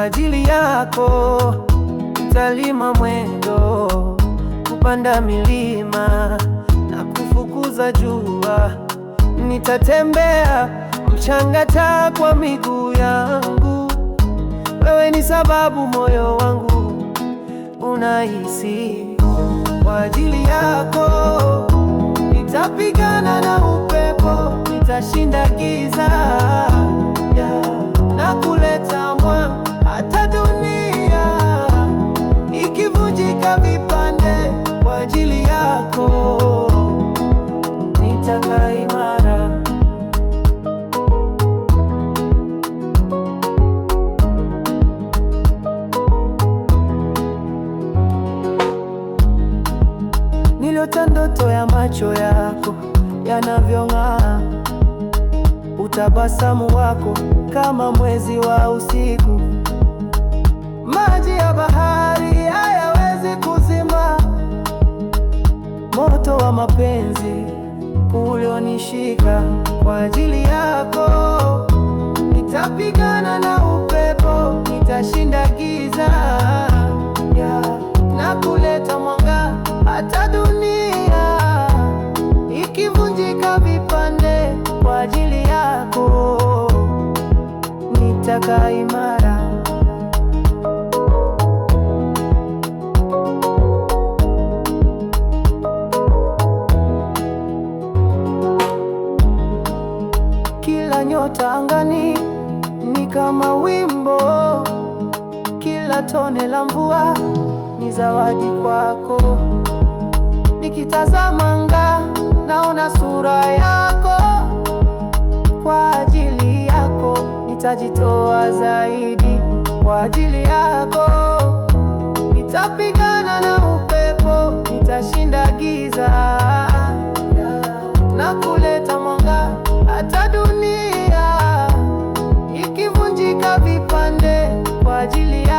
ajili yako, nitalima mwendo, kupanda milima na kufukuza jua. Nitatembea mchanga taa kwa miguu yangu, wewe ni sababu moyo wangu unahisi. Kwa ajili yako nitapigana na upepo, nitashinda giza yako nitakaa imara. Niliota ndoto ya macho yako yanavyong'aa, utabasamu wako kama mwezi wa usiku maji moto wa mapenzi ulionishika kwa ajili yako. Nitapigana na upepo, nitashinda giza yeah, na kuleta mwanga hata dunia ikivunjika vipande kwa ajili yako nitakaima tangani ni kama wimbo, kila tone la mvua ni zawadi kwako. Nikitazama anga, naona sura yako, kwa ajili yako nitajitoa zaidi, kwa ajili yako nitapigana na upepo, nitashinda giza na kuleta mwanga hata dunia pode